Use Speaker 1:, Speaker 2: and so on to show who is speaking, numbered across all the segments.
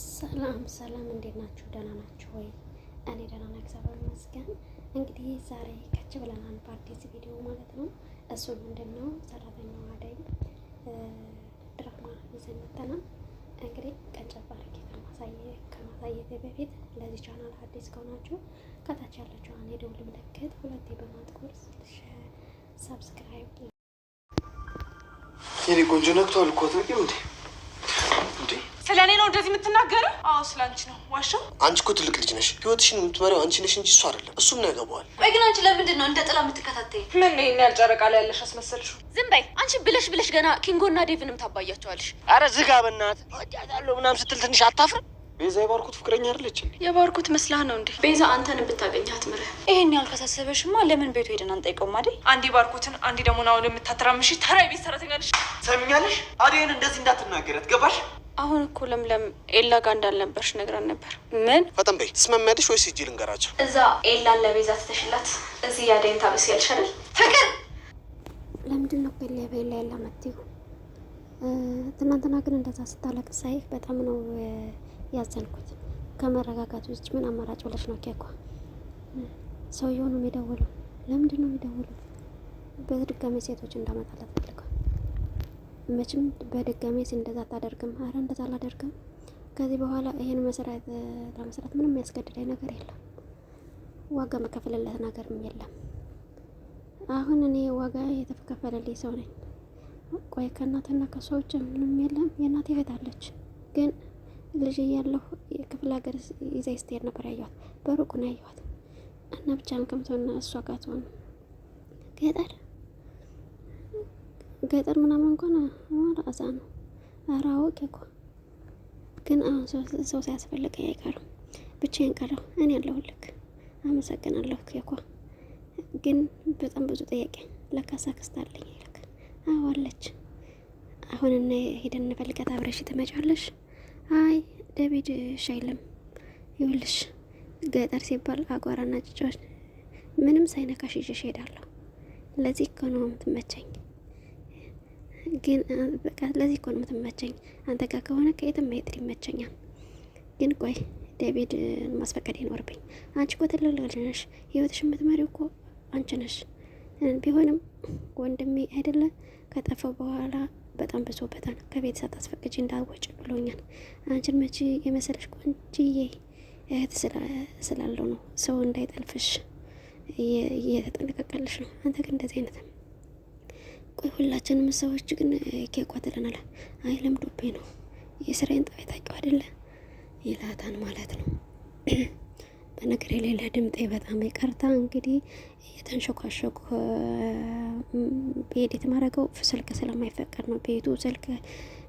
Speaker 1: ሰላም ሰላም፣ እንዴት ናችሁ? ደህና ናችሁ ወይ? እኔ ደህና ነኝ፣ እግዚአብሔር ይመስገን። እንግዲህ ዛሬ ከች ብለናል በአዲስ ቪዲዮ ማለት ነው። እሱ ምንድን ነው ሰራተኛዋ አደይ ድራማ ይዘን መጥተናል። እንግዲህ ቀንጨብ አድርጌ ከማሳየቴ በፊት ለዚህ ቻናል አዲስ ከሆናችሁ ከታች ያለችውን የደወል ምልክት ሁለቴ በማጥቆር ሰብስክራይብ።
Speaker 2: የኔ ቆንጆ ነግቷል እኮ አትነቂም እንዴ?
Speaker 3: ስለ እኔ ነው እንደዚህ የምትናገረው? አዎ ስለ አንቺ ነው። ዋሻው
Speaker 2: አንቺ እኮ ትልቅ ልጅ ነሽ። ህይወትሽን የምትመሪው አንቺ ነሽ እንጂ እሱ አይደለም። እሱ ምን ያገባዋል?
Speaker 3: ወይ ግን አንቺ ለምንድን ነው እንደ ጥላ የምትከታተይ? ምን ይህን ያልጨረቃ ላይ ያለሽ አስመሰልሽው? ዝም በይ አንቺ። ብለሽ ብለሽ ገና ኪንጎና ዴቭንም ታባያቸዋለሽ።
Speaker 2: አረ ዝጋ በናት እወዳታለሁ ምናም ስትል ትንሽ አታፍርም? ቤዛ የባርኩት ፍቅረኛ አይደለች
Speaker 3: የባርኩት መስላህ ነው እንዴ? ቤዛ አንተን ብታገኛት ምርህ። ይህን ያህል ካሳሰበሽማ ለምን ቤቱ ሄደን አንጠይቀውም? አዴ አንዴ ባርኩትን አንዴ ደግሞ ናሁን የምታተራምሽ ተራ ቤት ሰራተኛ ነሽ።
Speaker 2: ሰሚኛለሽ? አዴን እንደዚህ እንዳትናገረት ገባሽ?
Speaker 3: አሁን እኮ ለምለም ኤላ ጋር እንዳልነበርሽ ነግራን ነበር። ምን
Speaker 2: በጣም በይ ትስማሚያለሽ ወይስ ሂጂ ልንገራቸው?
Speaker 3: እዛ ኤላን ለቤዛ ትተሽላት እዚህ ያደኝ ታበስ ያልሻለል ፍቅር
Speaker 1: ለምንድን ነው በላ በላ ያላ መትሁ ትናንትና ግን እንደዛ ስታለቅ ሳይህ በጣም ነው ያዘንኩት። ከመረጋጋት ውጭ ምን አማራጭ ብለሽ ነው? ኬኳ ሰውየው ነው የሚደውለው። ለምንድን ነው የሚደውለው? በድጋሚ ሴቶች እንዳመጣላት ፈልገው መቼም በድጋሜ እንደዛ አታደርግም። አረ እንደዛ አላደርግም። ከዚህ በኋላ ይሄን መስራት ለመስራት ምንም የሚያስገድደኝ ነገር የለም። ዋጋ መከፈልለት ነገርም የለም። አሁን እኔ ዋጋ የተከፈለልኝ ሰው ነኝ። ቆይ ከእናትና ከሷ ውጭ ምንም የለም። የእናቴ እህት አለች፣ ግን ልጅ እያለሁ የክፍለ ሀገር ይዛ ስትሄድ ነበር ያየኋት። በሩቁ ነው ያየኋት እና ብቻ ከምትሆንና እሷ ጋር ትሆን ገጠር ገጠር ምናምን እንኳን ራዛ ነው። ኧረ አወቅ እኮ ግን አሁን ሰው ሳያስፈልገኝ አይቀርም። ብቻዬን ቀረሁ። እኔ ያለሁልክ አመሰግናለሁ። እኮ ግን በጣም ብዙ ጥያቄ ለካሳ ክስት አለኝ ይልክ አለች። አሁን እና ሄደን እንፈልጋት አብረሽ ትመጫለሽ? አይ ደቢድ ሻይልም ይውልሽ ገጠር ሲባል አጓራና ጭጫዎች ምንም ሳይነካሽ ይዤሽ እሄዳለሁ። ለዚህ እኮ ነው የምትመቸኝ። ግን በቃ ለዚህ እኮ ነው የምትመቸኝ አንተ ጋር ከሆነ ከየትም ማየት ይመቸኛል። ግን ቆይ ዴቪድ ማስፈቀድ ይኖርብኝ። አንቺ እኮ ትልቅ ልጅ ነሽ፣ ህይወትሽ የምትመሪው እኮ አንቺ ነሽ። ቢሆንም ወንድሜ አይደለ ከጠፋው በኋላ በጣም ብሶበታል። ከቤት ሳታስፈቅጂ እንዳወጭ ብሎኛል። አንቺን መቼ የመሰለሽ ቆንጅዬ እህት ስላለው ነው ሰው እንዳይጠልፍሽ እየተጠነቀቀልሽ ነው። አንተ ግን እንደዚህ አይነት ቆይ ሁላችንም ሰዎች ግን ኬኳ አይለም አይ ለምዶብኝ ነው የስራዬን ጠባይ ታውቂው አይደለ ይላታን ማለት ነው። በነገር የሌለ ድምጤ በጣም ይቅርታ እንግዲህ የተንሸኳሸኩ ቤት የተማረገው ስልክ ስለማይፈቀድ ነው። ቤቱ ስልክ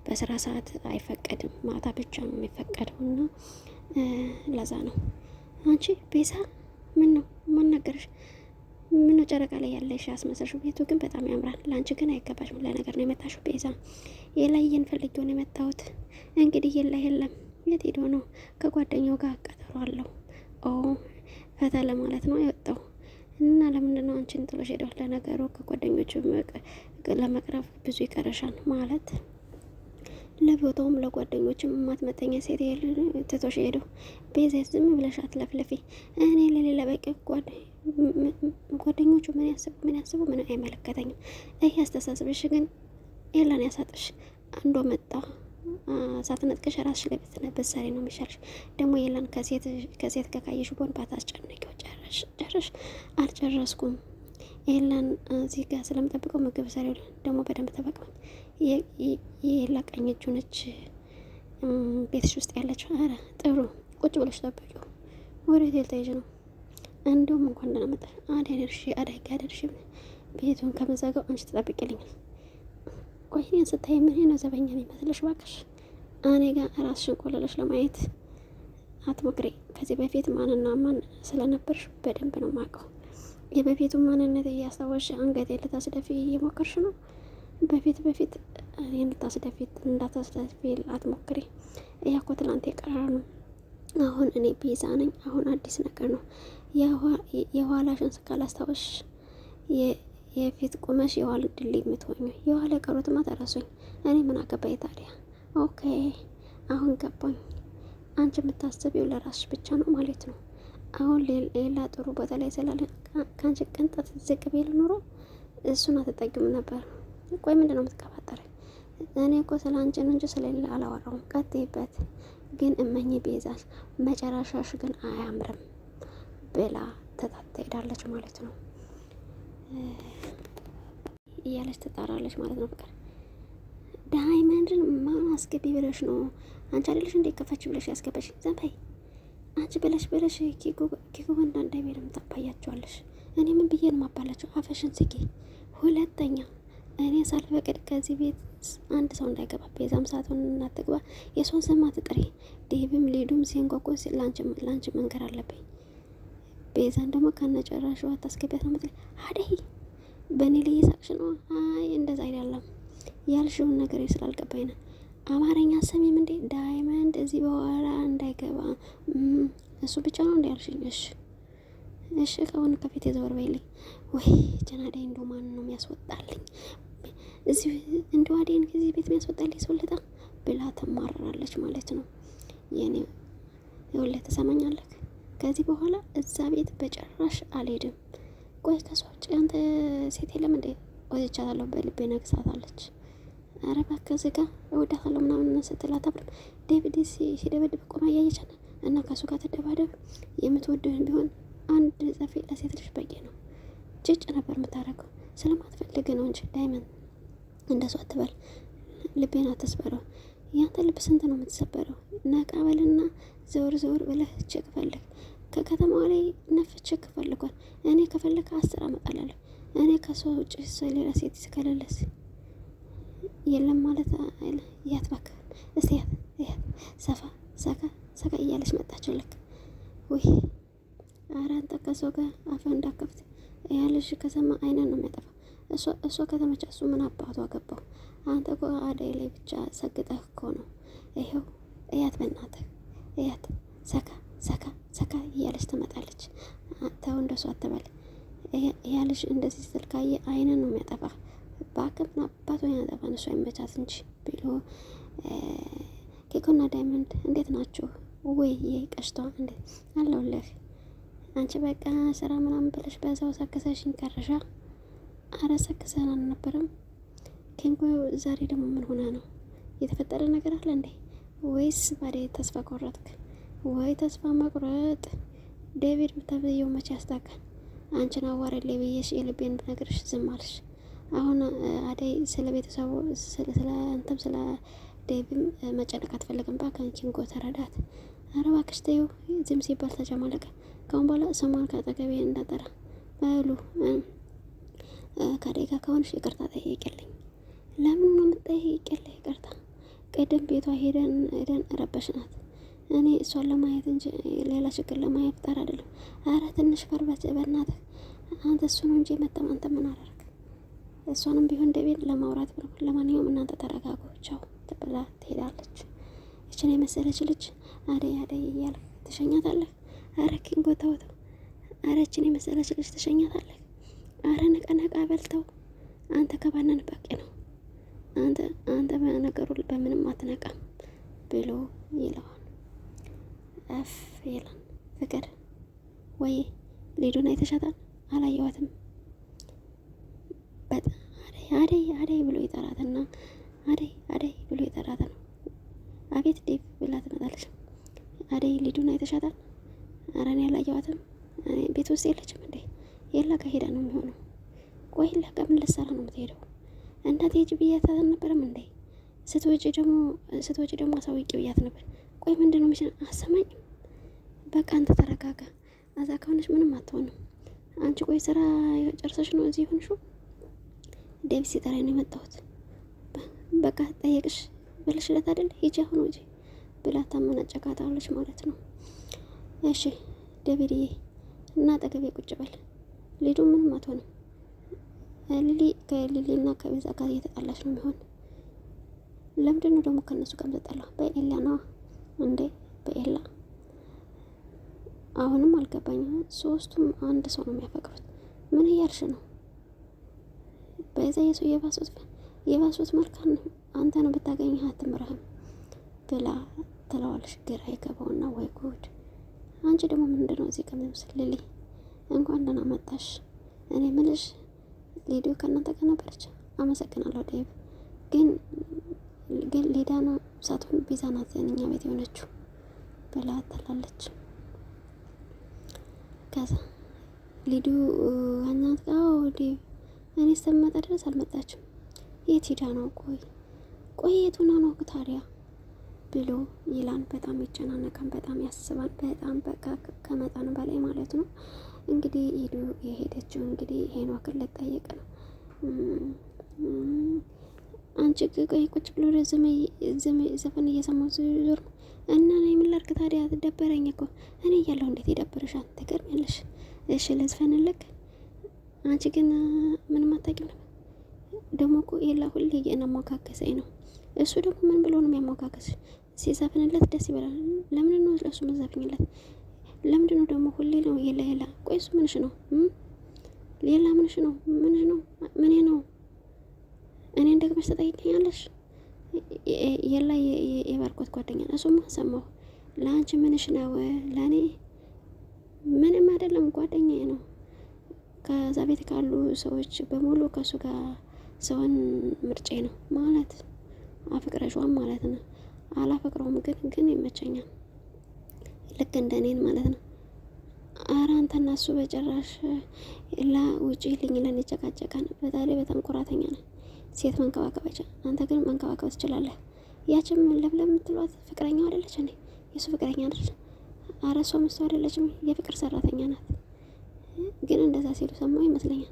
Speaker 1: በስራ ሰዓት አይፈቀድም፣ ማታ ብቻ ነው የሚፈቀደው እና ለዛ ነው። አንቺ ቤዛ ምን ነው ነገርሽ? ምን ጨረቃ ላይ ያለሽ አስመሰልሽው። ቤቱ ግን በጣም ያምራል። ለአንቺ ግን አይገባሽም። ለነገር ነው የመጣሽው ቤዛ። የላይ ፈልጌው ነው የመጣሁት። እንግዲህ የላ የለም። የት ሄዶ ነው? ከጓደኛው ጋር ቀጠሮ አለው። ኦ ፈታ ለማለት ነው የወጣው እና ለምንድነው አንቺን ጥሎሽ ሄደው? ለነገሩ ከጓደኞቹ ለመቅረብ ብዙ ይቀረሻል ማለት ለቦታውም ለጓደኞችም የማትመጠኛ ሴት ትቶሽ ሄደው። ቤዛ ዝም ብለሽ አትለፍለፊ። እኔ ለሌላ በቂ ጓደ ጓደኞቹ ምን ያስቡ ምን ያስቡ ምን አይመለከተኝም። ይህ አስተሳሰብሽ ግን ኤላን ያሳጥሽ። አንዷ መጣ ሳትነጥቅሽ ራስሽ ላይ ሰሪ ነው የሚሻልሽ። ደግሞ ኤላን ከሴት ከካየሽ ቦን ባታስጨንቂው። ጨረሽ ጨረሽ። አልጨረስኩም ኤላን እዚህ ጋር ስለምጠብቀው ምግብ ሰሪ ደግሞ በደንብ ተበቅመኝ። የኤላ ቀኝ እጁ ነች ቤትሽ ውስጥ ያለችው። ኧረ ጥሩ ቁጭ ብለሽ ጠብቂው። ወደ ቴል ተይዥ ነው እንደውም እንኳን ደህና መጣሽ አደይ ደርሼ አደይ ጋ ቤቱን ከመዘጋው አንቺ ትጠብቅልኛል። ቆይ እኔን ስታይ ምን ነው ዘበኛ የሚመስልሽ? እባክሽ እኔ ጋር ራስሽን ቆለለሽ ለማየት አትሞክሪ። ከዚህ በፊት ማንና ማን ስለነበርሽ በደንብ ነው የማውቀው። የበፊቱ ማንነት እያስታወሽ አንገቴ ልታስደፊ እየሞከርሽ ነው። በፊት በፊት እኔን ልታስደፊ እንዳታስደፊ አትሞክሪ። እያኮ ትላንት የቀረ ነው። አሁን እኔ ቤዛ ነኝ። አሁን አዲስ ነገር ነው የኋላሽን ካላስታወስሽ የፊት ቁመሽ የዋል ድልድይ የምትሆኙ የኋላ ቀሩትማ ማተረሱኝ እኔ ምን አገባኝ ታዲያ? ኦኬ አሁን ገባኝ። አንቺ የምታስቢው ለራስሽ ብቻ ነው ማለት ነው። አሁን ሌላ ጥሩ ቦታ ላይ ስላለ ከአንቺ ቅንጣት ዝቅ ቢል ኑሮ እሱን አትጠጊም ነበር። ቆይ ምንድን ነው እኔ እኮ ስለ አንቺ ነው እንጂ ስለሌላ አላወራውም። ቀጥይበት ግን እመኚ ቤዛ፣ መጨረሻሽ ግን አያምርም። ብላ ተጣጣ ሄዳለች ማለት ነው እያለች ትጣራለች ማለት ነው። ፍቅር ዳይመንድን ማን አስገቢ ብለሽ ነው? አንቺ አይደለሽ እንዴ ከፈች ብለሽ ያስገባሽ? ዝም በይ አንቺ ብለሽ ብለሽ ኪኮ ወንድ አንድ አይቤልም ታባያቸዋለሽ። እኔ ምን ብዬ ነው ማባላቸው? አፈሽን ስጊ። ሁለተኛ እኔ ሳልፈቅድ ከዚህ ቤት አንድ ሰው እንዳይገባ በዛም ሰዓቱን እናትግባ የሰውን ስም አትጥሪ። ዴብም ሊዱም ሲንጓጓ ላንቺ መንገር አለብኝ ቤዛን ደግሞ ከነጨራሽው አታስገቢያት ነው ምትል አደይ በእኔ ላይ የሳቅሽ ነው። አይ እንደዛ አይደለም ያልሽውን ነገር ስላልገባኝ ነው። አማርኛ ሰሚም እንዴ ዳይመንድ እዚህ በኋላ እንዳይገባ እሱ ብቻ ነው እንዲ ያልሽኝ። እሺ እሺ፣ ከሆነ ከፊት የዘወር በይልኝ ወይ ጀናዳይ። እንዶ ማን ነው የሚያስወጣልኝ እዚህ እንዲ አደይን ከዚህ ቤት የሚያስወጣልኝ ሰውለታ ብላ ትማረራለች ማለት ነው። የኔ ሁሌ ተሰማኛለህ ከዚህ በኋላ እዛ ቤት በጭራሽ አልሄድም። ቆይ ከሷ ውጭ አንተ ሴት የለም እንዴ? ቆይ በልቤ ነግሳታለች። አለች። ኧረ እባክህ እዚህ ጋ እወዳታለሁ ምናምን ስትላት አብርም ዴቪድ ሲደበድብ ቆማ እያየቻት እና ከሱ ጋር ትደባደብ የምትወድህን ቢሆን አንድ ጸፊ ለሴት ልጅ በቂ ነው። ጭጭ ነበር የምታደርገው ስለማትፈልግ ነው እንጂ ዳይመን እንደሱ አትበል። ልቤን አትስበረው። ያንተ ልብ ስንት ነው የምትሰበረው? ነቃ በልና ዘወር ዘወር ብለህ ችግ ፈልግ። ከከተማዋ ላይ ነፍቼ ከፈልጓል። እኔ ከፈለከ አስር አመጣላለሁ። እኔ ከሰው ውጭ ሌላ ሴት ከሌለስ የለም ማለት ያትባክ እስ ያት ሰፋ ሰካ ሰካ እያለች መጣቸው። ልክ ውይ አራን ጠቀሰው ጋር አፈ እንዳከፍት ያለሽ ከሰማ አይነን ነው የሚያጠፋ። እሷ ከተመቻ እሱ ምን አባቱ አገባው። አንተ እኮ አደይ ላይ ብቻ ሰግጠህ እኮ ነው። ይኸው እያት በእናትህ እያት ሰካ ሰካ ሰካ እያለች ትመጣለች። ተው እንደሱ አትበል ያለሽ እንደዚህ ስልካዬ አይነ ነው የሚያጠፋ በአቅምና አባት ወይ ያጠፋን እሱ አይመቻት እንጂ ብሎ ኬኮና ዳይመንድ እንዴት ናችሁ? ወይ ይህ ቀሽቷ እንዴት አለውልህ አንቺ በቃ ስራ ምናምን ብለሽ በዛው ሰከሰሽን ቀረሻ። አረ ሰክሰን አልነበረም። ኬንጎ ዛሬ ደግሞ ምን ሆና ነው? የተፈጠረ ነገር አለ እንዴ? ወይስ ባዴ ተስፋ ቆረጥክ? ወይ ተስፋ መቁረጥ። ዴቪድ ብታብየው መቼ ያስታካል? አንቺን አዋረሌ ብዬሽ የልቤን ብነግርሽ ዝም አልሽ። አሁን አደይ ስለ ቤተሰቡ ስለ አንተም ስለ ዴቪም መጨነቅ አትፈልግም። ባ ከንቺን ጎ ተረዳት። ኧረ እባክሽ ተይው። ዝም ሲባል ተጨማለቀ። ካሁን በኋላ ስሟን ከአጠገቤ እንዳጠራ በሉ ከአደጋ ከሆንሽ ይቅርታ ጠይቅልኝ። ለምን ነው የምትጠይቅልኝ ይቅርታ? ቅድም ቤቷ ሄደን ሄደን ረበሽናት። እኔ እሷን ለማየት እንጂ ሌላ ችግር ለማየት ጠር አይደለም። አረ ትንሽ ፈርበት በእናተ አንተ እሱን እንጂ መጠም አንተ ምን አደረግ። እሷንም ቢሆን ደቤን ለማውራት ብሎ ለማንኛውም እናንተ ተረጋጉ ቻው ብላ ትሄዳለች። እችን የመሰለች ልጅ አደይ አደይ እያለ ትሸኛታለህ። አረ ኪንጎ ተው ተው። አረ እችን የመሰለች ልጅ ትሸኛታለህ። አረ ነቃ ነቃ በልተው አንተ ከባነን በቂ ነው። አንተ አንተ በነገሩ በምንም አትነቃም ብሎ ይለዋል። እፍ ይላል ፍቅር። ወይ ሊዱን አይተሻታል? አላየዋትም። በጣም አደይ አደይ ብሎ ይጠራትና አደይ አደይ ብሎ ይጠራት ነው። አቤት ዴቭ ብላ ትመጣለች። አደይ ሊዱን አይተሻታል? ኧረ እኔ አላየዋትም። ቤት ውስጥ የለችም እንዴ? የላ ከሄዳ ነው የሚሆነው። ቆይ ለካ ልትሰራ ነው የምትሄደው? እንዳትሄጂ ብያት አልነበረም እንዴ? ስትወጪ ደግሞ ስትወጪ ደግሞ አሳውቂ ብያት ነበር። ቆይ ምንድን ነው ምሽን አሰማኝም በቃ አንተ ተረጋጋ። እዛ ከሆነች ምንም አትሆንም። አንቺ ቆይ ስራ ጨርሰሽ ነው እዚህ ሆንሽው? ዴቪስ ሲጠራኝ ነው የመጣሁት። በቃ ጠየቅሽ ለት አደል ሂጂ አሁን ውጪ ብላ ታመናጨቃታለች ማለት ነው። እሺ ደብርዬ እና አጠገቤ ቁጭ በል። ሊዱ ምንም አትሆንም። ሊሊ ከሊሊና ከቤዛ ጋር እየተጣላች ነው የሚሆን። ለምንድን ነው ደግሞ ከእነሱ ጋር የምትጣላው? በኤላ ነዋ እንዴ በኤላ አሁንም አልገባኝም። ሶስቱም አንድ ሰው ነው የሚያፈቅሩት። ምን እያልሽ ነው? በዛ የሰው የባሶት የባሱት መልካም ነው። አንተ ነው ብታገኝህ አትምርህም ብላ ትለዋለሽ። ግራ የገባውና ወይ ጉድ! አንቺ ደግሞ ምንድን ነው እዚህ ከሚመስል ልሊ እንኳን ደህና መጣሽ። እኔ ምልሽ ሌዲዮ ከእናንተ ጋር ነበረች? አመሰግናለሁ ዴቭ። ግን ግን ሌዳ ነው ሳትሆን ቤዛ ናት እኛ ቤት የሆነችው ብላ ትላለች። ከዛ ሊዱ እናት ጋር ወዲ እኔ እስከምመጣ ድረስ አልመጣችም። የት ሂዳ ነው? ቆይ ቆይ የቱ ነው ነው ታዲያ ብሎ ይላን። በጣም ይጨናነቃን፣ በጣም ያስባን፣ በጣም በቃ ከመጠን በላይ ማለት ነው። እንግዲህ ሂዱ የሄደችው እንግዲህ ሄኖክን ልጠይቅ ነው። አንቺ ቆይ ቁጭ ብሎ ዘፈን እየሰማ ዞር እና እኔ ምን ታዲያ ደበረኝ እኮ እኔ እያለሁ እንዴት ይደብርሻል? ትገርሚያለሽ። እሺ ልዝፈንልክ። አንቺ ግን ምንም አታውቂም ነው ደግሞ እኮ ኤላ ሁሌ እያሞካከሰኝ ነው። እሱ ደግሞ ምን ብሎ ነው የሚያሞካከስ? ሲዘፍንለት ደስ ይበላል። ለምን ነው ለሱ ምንዘፍኝለት? ለምንድን ነው ደግሞ ሁሌ ነው ኤላ ኤላ? ቆይ እሱ ምንሽ ነው? ሌላ ምንሽ ነው? ምንሽ ነው? ምን ነው? እኔን ደግመሽ ተጠይቀኛለሽ? የላ የባርኮት ጓደኛ ነው። እሱማ ሰማሁ። ለአንቺ ምንሽ ነው? ለእኔ ምንም አይደለም፣ ጓደኛ ነው። ከዛ ቤት ካሉ ሰዎች በሙሉ ከእሱ ጋር ሰውን ምርጬ ነው ማለት አፍቅረሿም ማለት ነው። አላፈቅረውም ግን ግን ይመቸኛል፣ ልክ እንደ እኔን ማለት ነው። አረ አንተና እሱ በጭራሽ ላ ውጪ ልኝ ለን ይጨቃጨቃን። በጣም በጣም ኩራተኛ ነው። ሴት መንከባከብ አይችል፣ አንተ ግን መንከባከብ ትችላለህ። ያችም ለምለም የምትሏት ፍቅረኛው አይደለች እኔ የእሱ ፍቅረኛ አይደለች። አረ እሷ እሷ አይደለችም፣ የፍቅር ሰራተኛ ናት። ግን እንደዛ ሲሉ ሰማሁ ይመስለኛል።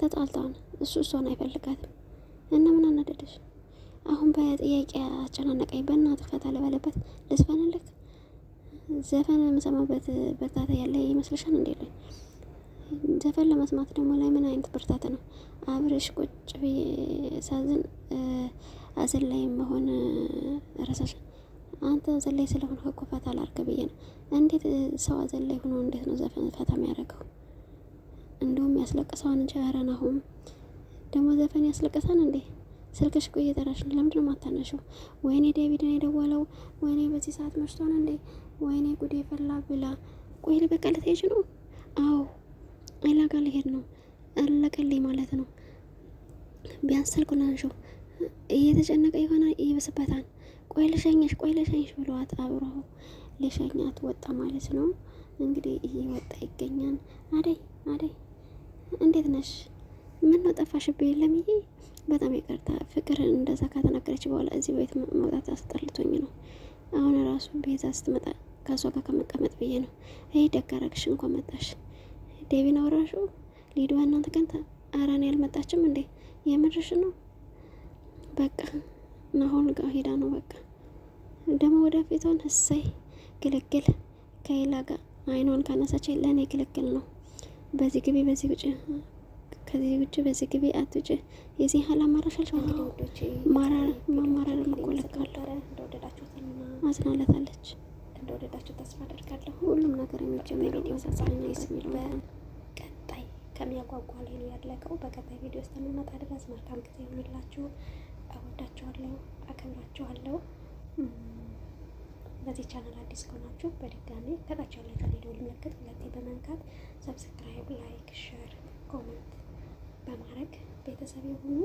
Speaker 1: ተጣልተዋል። እሱ እሷን አይፈልጋትም እና ምን አናደደሽ? አሁን በጥያቄ አጨናነቀኝ። በእናት ፈታ ልበልበት ልስፈንልክ? ዘፈን የምሰማበት በርታታ ያለ ይመስልሻል እንዴ? ዘፈን ለመስማት ደግሞ ላይ ምን አይነት ብርታት ነው? አብረሽ ቁጭ ብዬ ሳዝን አዘን ላይ መሆን ረሳሽ። አንተ አዘን ላይ ስለሆነ እኮ ፈታ ላርገ ብዬ ነው። እንዴት ሰው አዘን ላይ ሆኖ እንዴት ነው ዘፈን ፈታ የሚያደርገው? እንደውም ያስለቅሰዋን እንጂ አረን አሁን ደግሞ ዘፈን ያስለቅሳን እንዴ? ስልክሽ እኮ እየጠራሽ ነው። ለምንድን ነው የማታነሺው? ወይኔ ዴቪድ የደወለው። ወይኔ በዚህ ሰዓት ነው እንዴ? ወይኔ ጉዴ ፈላ ብላ ቆይል በቃ ልትሄጂ ነው? አዎ ሌላ ጋር ሊሄድ ነው አለቀልኝ ማለት ነው። ቢያንስ ስልኩን እየተጨነቀ የሆነ ይብስበታል። ቆይ ልሸኝሽ፣ ቆይ ልሸኝሽ ብለዋት አብሮ ልሸኛት ወጣ ማለት ነው። እንግዲህ ወጣ ይገኛል። አደይ አደይ፣ እንዴት ነሽ? ምን ነው ጠፋሽብኝ? ለምዬ በጣም ይቅርታ ፍቅር እንደዛ ካተናገረች በኋላ እዚህ ቤት መውጣት አስጠልቶኝ ነው። አሁን ራሱ ቤዛ ስትመጣ ከሷ ጋር ከመቀመጥ ብዬ ነው። ይህ ደጋረግሽ እንኳን መጣሽ ዴቪን አወራሹ ሊድዋ እናንተ ቀን አራኔ ያልመጣችም እንዴ? የምርሽ ነው? በቃ ናሆን ጋር ሄዳ ነው። በቃ ደግሞ ወደፊቷን እሰይ ግልግል ከሌላ ጋር አይኗን ካነሳች ለእኔ ግልግል ነው። በዚህ ግቢ በዚህ ውጭ ከዚህ ውጭ በዚህ ግቢ አትውጭ። የዚህ ሀል አማራሻል አልፈልግም። ማማራር መቆለቃለሁ። አዝናለታለች። እንደወደዳችሁ ተስፋ አደርጋለሁ። ሁሉም ነገር የሚጀምረው ሳሳኛ ስሚል ከሚያጓጓ ላይ ነው ያለቀው። በቀጣይ ቪዲዮ እስከምንመጣ ድረስ መልካም ጊዜ ይሁንላችሁ። እወዳችኋለሁ፣ አከብራችኋለሁ። በዚህ ቻናል አዲስ ከሆናችሁ በድጋሚ ከታች ያለውን የደወል ልመልከት ሁለቴ በመንካት ሰብስክራይብ፣ ላይክ፣ ሸር፣ ኮመንት በማድረግ ቤተሰብ የሆኑ